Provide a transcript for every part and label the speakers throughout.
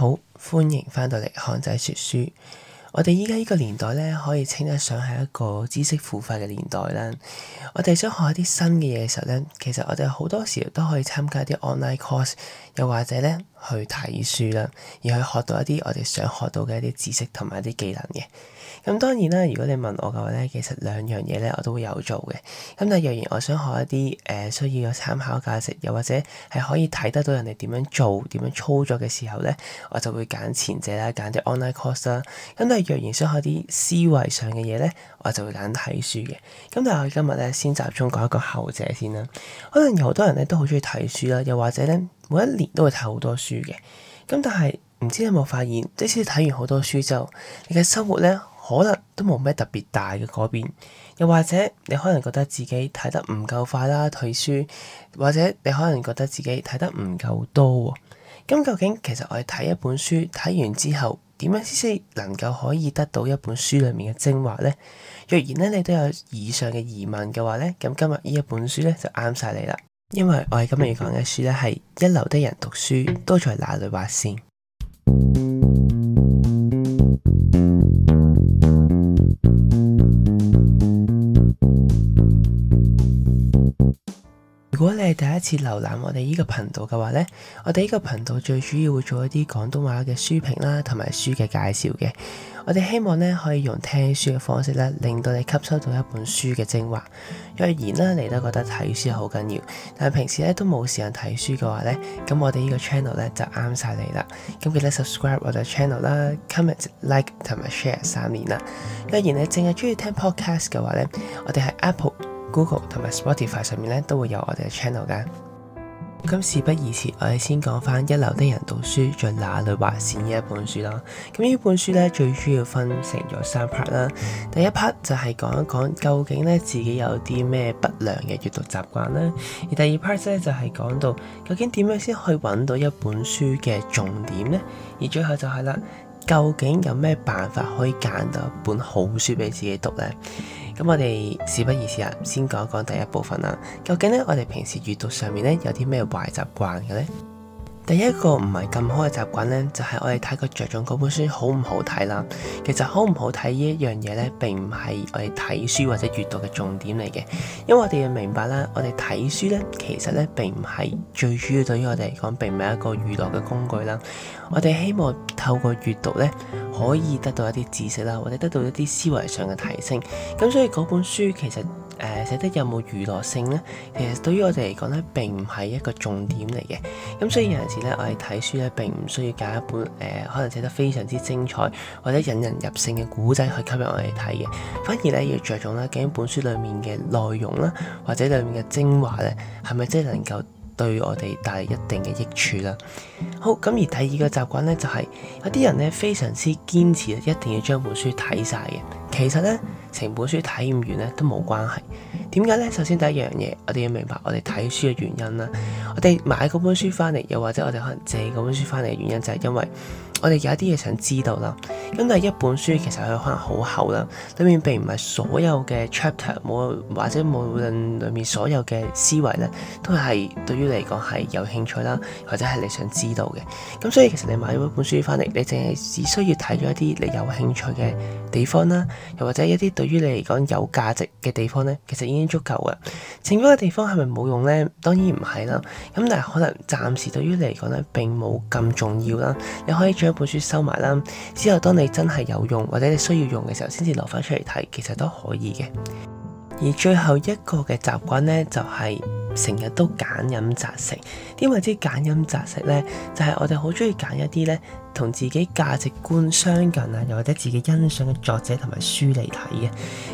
Speaker 1: 好，歡迎翻到嚟漢仔說書。我哋而家呢個年代咧，可以稱得上係一個知識付費嘅年代啦。我哋想學一啲新嘅嘢嘅時候咧，其實我哋好多時候都可以參加啲 online course，又或者咧，去睇書啦，而去學到一啲我哋想學到嘅一啲知識同埋一啲技能嘅。咁當然啦，如果你問我嘅話咧，其實兩樣嘢咧我都會有做嘅。咁但係若然我想學一啲誒需要有參考價值，又或者係可以睇得到人哋點樣做、點樣操作嘅時候咧，我就會揀前者啦，揀啲 online course 啦。咁但係若然想學啲思維上嘅嘢咧，我就會揀睇書嘅。咁但係我今日咧先集中講一個後者先啦。可能有好多人咧都好中意睇書啦，又或者咧。每一年都會睇好多書嘅，咁但係唔知你有冇發現，即使睇完好多書之後，你嘅生活咧可能都冇咩特別大嘅改變，又或者你可能覺得自己睇得唔夠快啦，退書，或者你可能覺得自己睇得唔夠多喎、哦。咁究竟其實我哋睇一本書睇完之後，點樣先能夠可以得到一本書裡面嘅精華咧？若然咧你都有以上嘅疑問嘅話咧，咁今日呢一本書咧就啱晒你啦。因為我哋今日要講嘅書咧，係一流的人讀書都在哪裏劃線。第一次瀏覽我哋呢個頻道嘅話呢，我哋呢個頻道最主要會做一啲廣東話嘅書評啦，同埋書嘅介紹嘅。我哋希望呢可以用聽書嘅方式呢，令到你吸收到一本書嘅精華。若然呢，你都覺得睇書好緊要，但係平時呢都冇時間睇書嘅話呢，咁我哋呢個 channel 咧就啱晒你啦。記得 subscribe 我哋 channel 啦，comment like 同埋 share 三連啦。若然你淨係中意聽 podcast 嘅話呢，我哋係 Apple。Google 同埋 Spotify 上面咧都會有我哋嘅 channel 嘅。咁事不宜遲，我哋先講返一流的人讀書在哪裏畫線嘅一本書啦。咁呢本書咧最主要分成咗三 part 啦。第一 part 就係講一講究竟咧自己有啲咩不良嘅閱讀習慣啦，而第二 part 咧就係講到究竟點樣先可以揾到一本書嘅重點呢；而最後就係啦。究竟有咩辦法可以揀到一本好書畀自己讀呢？咁我哋事不宜遲啊，先講一講第一部分啦。究竟呢，我哋平時閱讀上面呢，有啲咩壞習慣嘅呢？第一個唔係咁好嘅習慣呢，就係我哋太過着重嗰本書好唔好睇啦。其實好唔好睇呢一樣嘢呢，並唔係我哋睇書或者閱讀嘅重點嚟嘅。因為我哋要明白啦，我哋睇書呢，其實呢並唔係最主要對於我哋嚟講並唔係一個娛樂嘅工具啦。我哋希望透過閱讀呢，可以得到一啲知識啦，或者得到一啲思維上嘅提升。咁所以嗰本書其實誒、呃、寫得有冇娛樂性呢？其實對於我哋嚟講咧，並唔係一個重點嚟嘅。咁所以有陣時咧，我哋睇書咧並唔需要揀一本誒、呃，可能寫得非常之精彩或者引人入勝嘅古仔去吸引我哋睇嘅，反而咧要着重咧，究竟本書裡面嘅內容啦，或者裡面嘅精華咧，係咪真係能夠對我哋帶嚟一定嘅益處啦。好咁，而第二個習慣呢，就係、是、有啲人呢非常之堅持，一定要將本書睇晒嘅。其實呢，成本書睇唔完呢都冇關係。點解呢？首先第一樣嘢，我哋要明白我哋睇書嘅原因啦。我哋買嗰本書翻嚟，又或者我哋可能借嗰本書翻嚟嘅原因，就係因為我哋有一啲嘢想知道啦。咁但係一本書其實佢可能好厚啦，裏面並唔係所有嘅 chapter，冇或者無論裏面所有嘅思維咧，都係對於你嚟講係有興趣啦，或者係你想知道嘅。咁所以其實你買咗一本書翻嚟，你淨係只需要睇咗一啲你有興趣嘅地方啦，又或者一啲對於你嚟講有價值嘅地方咧，其實已經足夠嘅。剩低嘅地方係咪冇用咧？當然唔係啦。咁但係可能暫時對於你嚟講咧並冇咁重要啦，你可以將本書收埋啦。之後當你你真係有用，或者你需要用嘅時候，先至留翻出嚟睇，其實都可以嘅。而最後一個嘅習慣呢，就係成日都揀飲擇食。點為之揀飲擇食呢，就係、是、我哋好中意揀一啲呢。同自己價值觀相近啊，又或者自己欣賞嘅作者同埋書嚟睇嘅。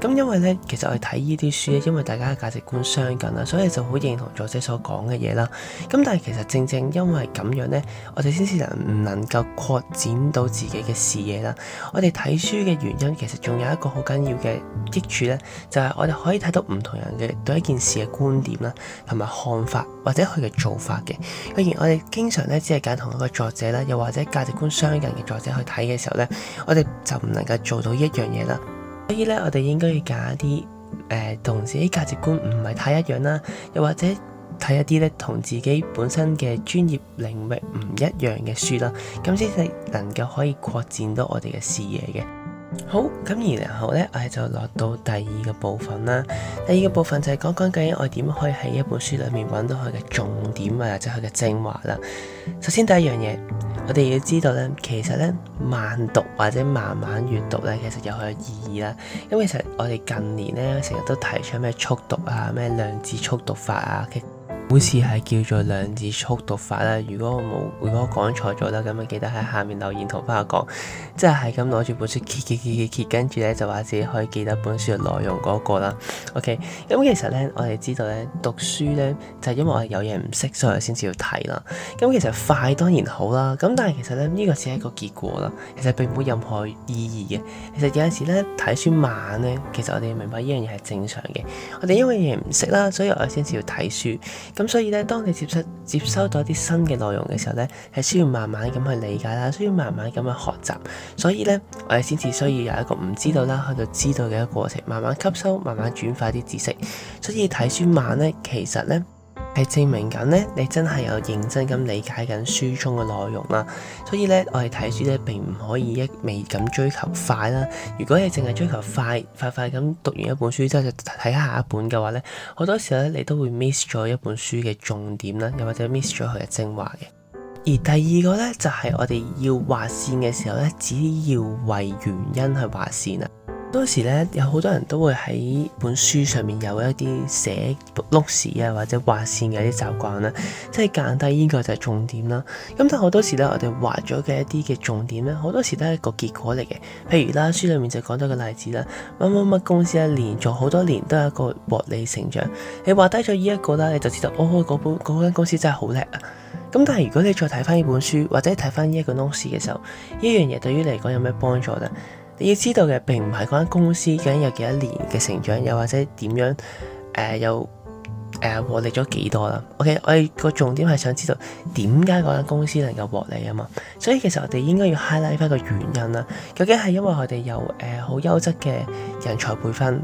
Speaker 1: 咁因為呢，其實我哋睇呢啲書咧，因為大家嘅價值觀相近啦，所以就好認同作者所講嘅嘢啦。咁但係其實正正因為咁樣呢，我哋先至能唔能夠擴展到自己嘅視野啦。我哋睇書嘅原因其實仲有一個好緊要嘅益處呢，就係我哋可以睇到唔同人嘅對一件事嘅觀點啦，同埋看法或者佢嘅做法嘅。固然我哋經常咧只係揀同一個作者啦，又或者價值觀相近嘅作者去睇嘅時候呢，我哋就唔能夠做到一樣嘢啦。所以呢，我哋應該要揀一啲誒，同、呃、自己價值觀唔係太一樣啦，又或者睇一啲呢，同自己本身嘅專業領域唔一樣嘅書啦，咁先至能夠可以擴展到我哋嘅視野嘅。好，咁然後呢，我哋就落到第二個部分啦。第二個部分就係講講究竟我點可以喺一本書裏面揾到佢嘅重點啊，或者佢嘅精華啦。首先第一樣嘢。我哋要知道咧，其實咧慢讀或者慢慢閱讀咧，其實有佢嘅意義啦。因為其實我哋近年咧成日都提倡咩速讀啊、咩量子速讀法啊。好似係叫做量子速讀法啦，如果我冇，如果我講錯咗啦，咁啊記得喺下面留言同翻我講，即係係咁攞住本書，揭揭揭揭揭，跟住咧就話自己可以記得本書嘅內容嗰個啦。OK，咁、嗯、其實咧我哋知道咧讀書咧就係、是、因為我係有嘢唔識，所以先至要睇啦。咁、嗯、其實快當然好啦，咁但係其實咧呢個只係一個結果啦，其實並冇任何意義嘅。其實有陣時咧睇書慢咧，其實我哋明白呢樣嘢係正常嘅。我哋因為嘢唔識啦，所以我哋先至要睇書。咁所以咧，當你接收接收到啲新嘅內容嘅時候咧，係需要慢慢咁去理解啦，需要慢慢咁去學習。所以咧，我哋先至需要有一個唔知道啦，去到知道嘅一個過程，慢慢吸收，慢慢轉化啲知識。所以睇書慢咧，其實咧，係證明緊咧，你真係有認真咁理解緊書中嘅內容啦。所以咧，我哋睇書咧並唔可以一味咁追求快啦。如果你淨係追求快快快咁讀完一本書之後就睇下一本嘅話咧，好多時候咧，你都會 miss 咗一本書嘅重點啦，又或者 miss 咗佢嘅精華嘅。而第二個咧就係我哋要畫線嘅時候咧，只要為原因去畫線啦。多時咧，有好多人都會喺本書上面有一啲寫 notes 啊，或者畫線嘅一啲習慣啦。即係間低呢個就係重點啦。咁但好多時咧，我哋畫咗嘅一啲嘅重點咧，好多時都係一個結果嚟嘅。譬如啦，書裏面就講到個例子啦，乜乜乜公司一連續好多年都有一個獲利成長。你畫低咗呢一個啦，你就知道哦，嗰本嗰間公司真係好叻啊。咁但係如果你再睇翻呢本書，或者睇翻呢一個 notes 嘅時候，呢樣嘢對於你嚟講有咩幫助呢？你要知道嘅並唔係嗰間公司究竟有幾多年嘅成長，又或者點樣誒又誒獲利咗幾多啦？OK，我哋個重點係想知道點解嗰間公司能夠獲利啊嘛，所以其實我哋應該要 highlight 返個原因啦。究竟係因為我哋有誒好、呃、優質嘅人才培訓？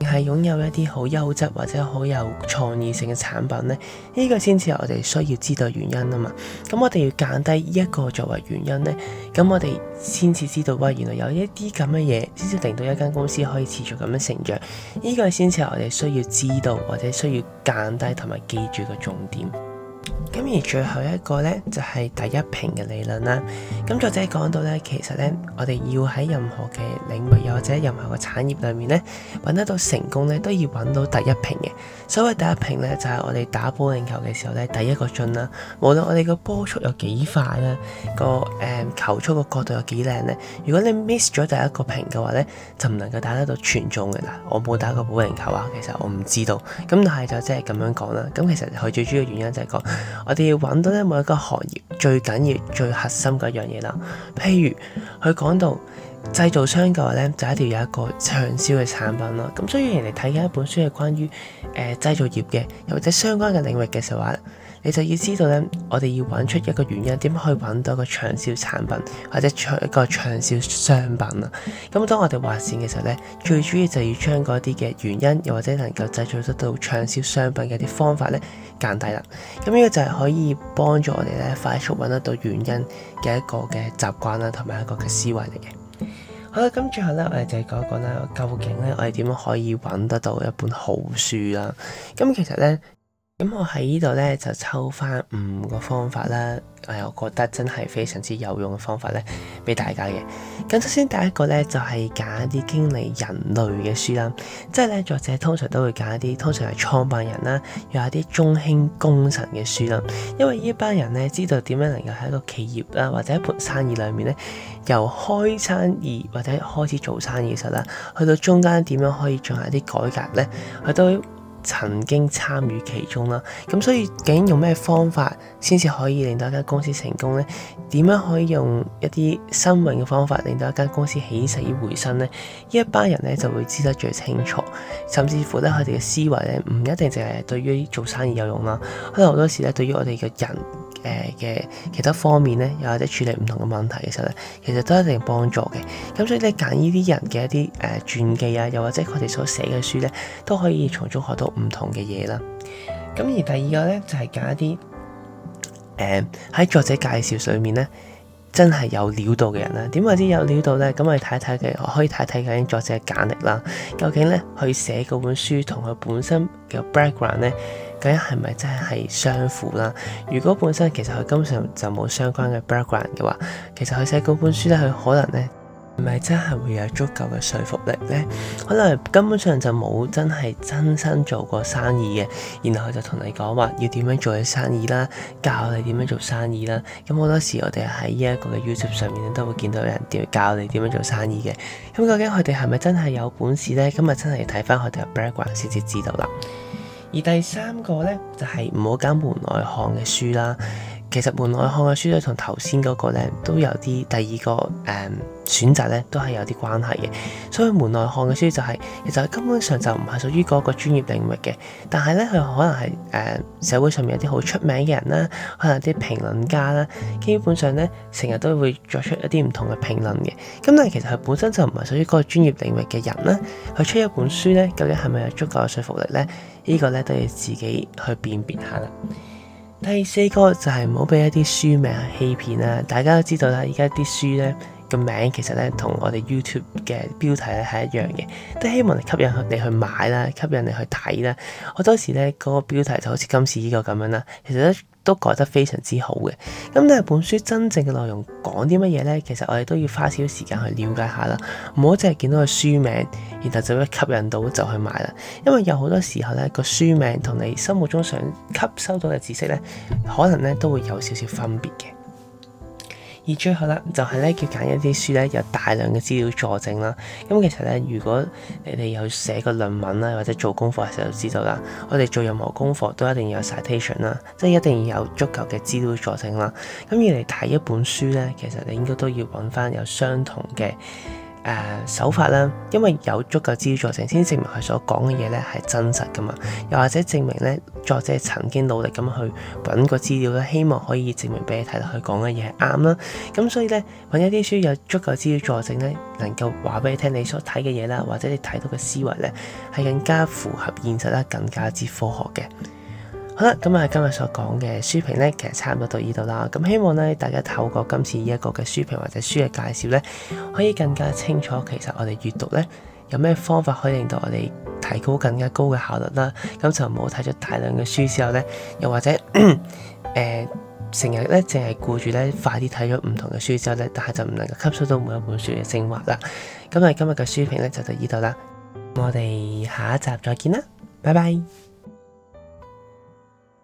Speaker 1: 係擁有一啲好優質或者好有創意性嘅產品呢。呢、呢個先至係我哋需要知道原因啊嘛。咁我哋要揀低呢一個作為原因呢。咁我哋先至知道喂，原來有一啲咁嘅嘢先至令到一間公司可以持續咁樣成長。呢、呢個先至係我哋需要知道或者需要揀低同埋記住嘅重點。咁而最後一個呢，就係第一瓶嘅理論啦。咁作者講到呢，其實呢，我哋要喺任何嘅領域又或者任何嘅產業裏面呢，揾得到成功呢，都要揾到第一瓶嘅。所謂第一瓶呢，就係我哋打保齡球嘅時候呢，第一個進啦。無論我哋個波速有幾快啦，個誒球速個角度有幾靚呢。如果你 miss 咗第一個瓶嘅話呢，就唔能夠打得到全中嘅嗱。我冇打過保齡球啊，其實我唔知道。咁但係就即係咁樣講啦。咁其實佢最主要原因就係講。我哋要揾到咧每一個行業最緊要、最核心嘅一樣嘢啦。譬如佢講到。製造商嘅話咧，就一定要有一個暢銷嘅產品咯。咁所以人哋睇緊一本書係關於誒、呃、製造業嘅，又或者相關嘅領域嘅時候，你就要知道咧，我哋要揾出一個原因，點去揾到一個暢銷產品或者一個暢銷商品啊。咁當我哋畫線嘅時候咧，最主要就要將嗰啲嘅原因，又或者能夠製造得到暢銷商品嘅啲方法咧，揀低啦。咁呢、這個就係可以幫助我哋咧快速揾得到原因嘅一個嘅習慣啦，同埋一個嘅思維嚟嘅。好啦，咁最後咧，我哋就講一講啦。究竟咧，我哋點樣可以揾得到一本好書啦？咁其實咧。咁我喺呢度咧就抽翻五個方法啦，誒，我覺得真係非常之有用嘅方法咧，俾大家嘅。咁首先第一個咧就係、是、揀一啲經理人類嘅書啦，即係咧作者通常都會揀一啲通常係創辦人啦，又一啲中興功臣嘅書啦，因為一呢班人咧知道點樣能夠喺個企業啦，或者一盤生意裏面咧，由開生意或者開始做生意時啦，去到中間點樣可以進行一啲改革咧，去到。曾經參與其中啦，咁所以究竟用咩方法先至可以令到一間公司成功呢？點樣可以用一啲新穎嘅方法令到一間公司起死回生呢？呢一班人咧就會知得最清楚，甚至乎咧佢哋嘅思維咧唔一定淨係對於做生意有用啦，可能好多時咧對於我哋嘅人。誒嘅其他方面咧，又或者處理唔同嘅問題嘅時候咧，其實都一定幫助嘅。咁所以咧，揀呢啲人嘅一啲誒傳記啊，又或者佢哋所寫嘅書咧，都可以從中學到唔同嘅嘢啦。咁而第二個咧，就係、是、揀一啲誒喺作者介紹上面咧。真係有料到嘅人啦，點為之有料到呢？咁我哋睇睇我可以睇睇究竟作者嘅簡歷啦，究竟呢，佢寫嗰本書同佢本身嘅 background 呢？究竟係咪真係相符啦？如果本身其實佢根本上就冇相關嘅 background 嘅話，其實佢寫嗰本書呢，佢可能呢……係咪真係會有足夠嘅說服力呢？可能根本上就冇真係真心做過生意嘅，然後佢就同你講話要點樣做嘅生意啦，教你點樣做生意啦。咁好多時我哋喺呢一個嘅 YouTube 上面都會見到有人點教你點樣做生意嘅。咁究竟佢哋係咪真係有本事呢？今日真係要睇翻佢哋嘅 background 先至知道啦。而第三個呢，就係唔好揀門外漢嘅書啦。其實門外漢嘅書咧，同頭先嗰個呢，都有啲第二個誒。嗯選擇咧都係有啲關係嘅，所以門內看嘅書就係、是，其實根本上就唔係屬於嗰個專業領域嘅。但係咧，佢可能係誒、呃、社會上面有啲好出名嘅人啦，可能啲評論家啦，基本上咧成日都會作出一啲唔同嘅評論嘅。咁但係其實佢本身就唔係屬於嗰個專業領域嘅人啦，佢出一本書咧，究竟係咪有足夠嘅說服力咧？這個、呢個咧都要自己去辨別下啦。第四個就係唔好俾一啲書名去欺騙啦，啊。大家都知道啦，而家啲書咧。個名其實咧，同我哋 YouTube 嘅標題咧係一樣嘅，都希望嚟吸引你去買啦，吸引你去睇啦。好多時咧，個標題就好似今次呢個咁樣啦，其實都改得非常之好嘅。咁但係本書真正嘅內容講啲乜嘢咧，其實我哋都要花少少時間去了解下啦，唔好淨係見到個書名，然後就會吸引到就去買啦。因為有好多時候咧，個書名同你心目中想吸收到嘅知識咧，可能咧都會有少少分別嘅。而最後啦，就係咧要揀一啲書咧有大量嘅資料佐證啦。咁其實咧，如果你哋有寫過論文啦，或者做功課嘅時候就知道啦，我哋做任何功課都一定要有 citation 啦，即係一定要有足夠嘅資料佐證啦。咁而嚟睇一本書咧，其實你應該都要揾翻有相同嘅。誒、呃、手法啦，因為有足夠資料佐證，先證明佢所講嘅嘢咧係真實噶嘛。又或者證明咧，作者曾經努力咁去揾個資料咧，希望可以證明俾你睇到佢講嘅嘢係啱啦。咁所以咧，揾一啲書有足夠資料佐證咧，能夠話俾你聽，你所睇嘅嘢啦，或者你睇到嘅思維咧，係更加符合現實啦，更加之科學嘅。好啦，咁啊今日所講嘅書評咧，其實差唔多到呢度啦。咁希望咧，大家透過今次呢一個嘅書評或者書嘅介紹咧，可以更加清楚，其實我哋閱讀咧有咩方法可以令到我哋提高更加高嘅效率啦。咁就唔好睇咗大量嘅書之後咧，又或者誒成日咧淨係顧住咧快啲睇咗唔同嘅書之後咧，但係就唔能夠吸收到每一本書嘅精華啦。咁啊今日嘅書評咧就到呢度啦，我哋下一集再見啦，拜拜。